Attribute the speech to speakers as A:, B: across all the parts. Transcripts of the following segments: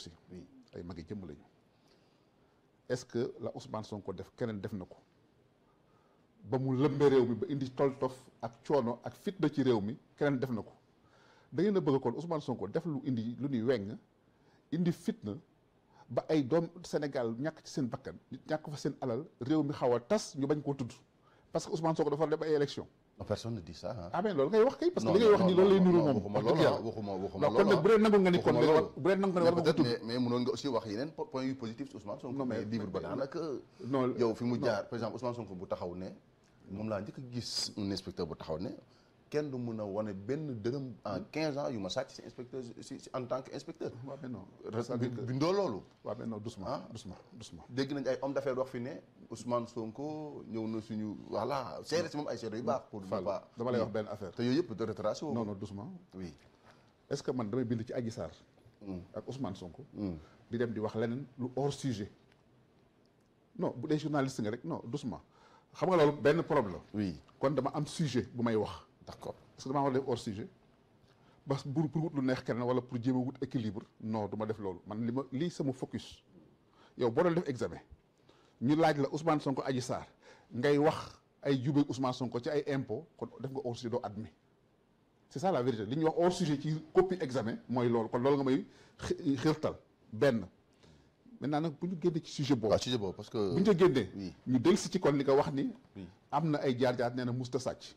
A: aussi nii ay magi jëmm lañu est-ce que la Ousmane Sonko def keneen def na ko ba mu lëmbee réew mi ba indi toltof ak coono ak fitna ci réew mi keneen def na ko da ngeen a bëgg kon Ousmane Sonko def lu indi lu ñuy weng indi fitna ba ay doom Sénégal ñàkk ci seen bakkan ñàkk fa seen alal réew mi xaw a tas ñu bañ koo tudd parce que Ousmane Sonko dafa def ay élection personne dit ça ah ben lolou ngay wax kay parce que li ngay wax ni lolou lay nuru mom waxuma lolou waxuma waxuma lolou kon bu re
B: nangou nga ni kon bu re nangou nga wala tout mais mënon nga aussi wax yenen point yu positif ci Ousmane Sonko mais livre ba nak yow fi mu jaar par exemple Ousmane Sonko bu taxaw ne mom la ndik gis un inspecteur bu taxaw ne kenn du mun a wane benn dërëm en hmm. quinze ans yu ma sàcc si inspecteur si en tant que inspecteur. waaw mais non bindoo loolu. waaw mais non doucement ah doucement doucement. dégg nañ ay homme d'affaires wax fi ne Ousmane Sonko ñëw na suñu voilà seere si moom ay seere yu baax. pour ne pas dama wax benn affaire. te yooyu yëpp de retrace non non
A: doucement. oui est-ce que man damay bind ci Adji Sarr. Hmm. ak Ousmane Sonko. Hmm. di dem di wax leneen lu hors sujet. no bu dee journaliste nga rek non doucement xam nga loolu benn problème la. kon dama am sujet bu may wax. D'accord. Est-ce que damaa war a hors sujet ba pour pour wut lu neex kenn wala pour jéem équilibre non du ma def loolu man li ma lii sama focus yow boo doon def examen ñu laaj la Ousmane Sonko Adji Sarr ngay wax ay jubéeg Ousmane Sonko ci ay impôts kon def nga hors sujet do admis c'est ça la vérité li ñuy wax hors sujet ci copie examen moy loolu kon loolu nga may xirtal ben maintenant nak buñu ñu ci sujet boobu. waaw sujet boobu parce que. buñu ñu ñu dellu si ci kon li nga wax ni. amna ay jaar-jaar néna na musta sàcc.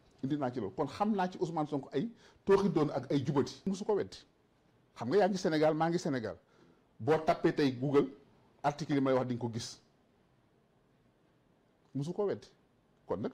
A: indi naa ci loolu kon xam naa ci Ousmane Sonko ay tooxi doon ak ay jubati musu ko weddi xam nga yaa ngi Sénégal maa ngi Sénégal boo tappee tey Google article yi may wax di ko gis musu ko weddi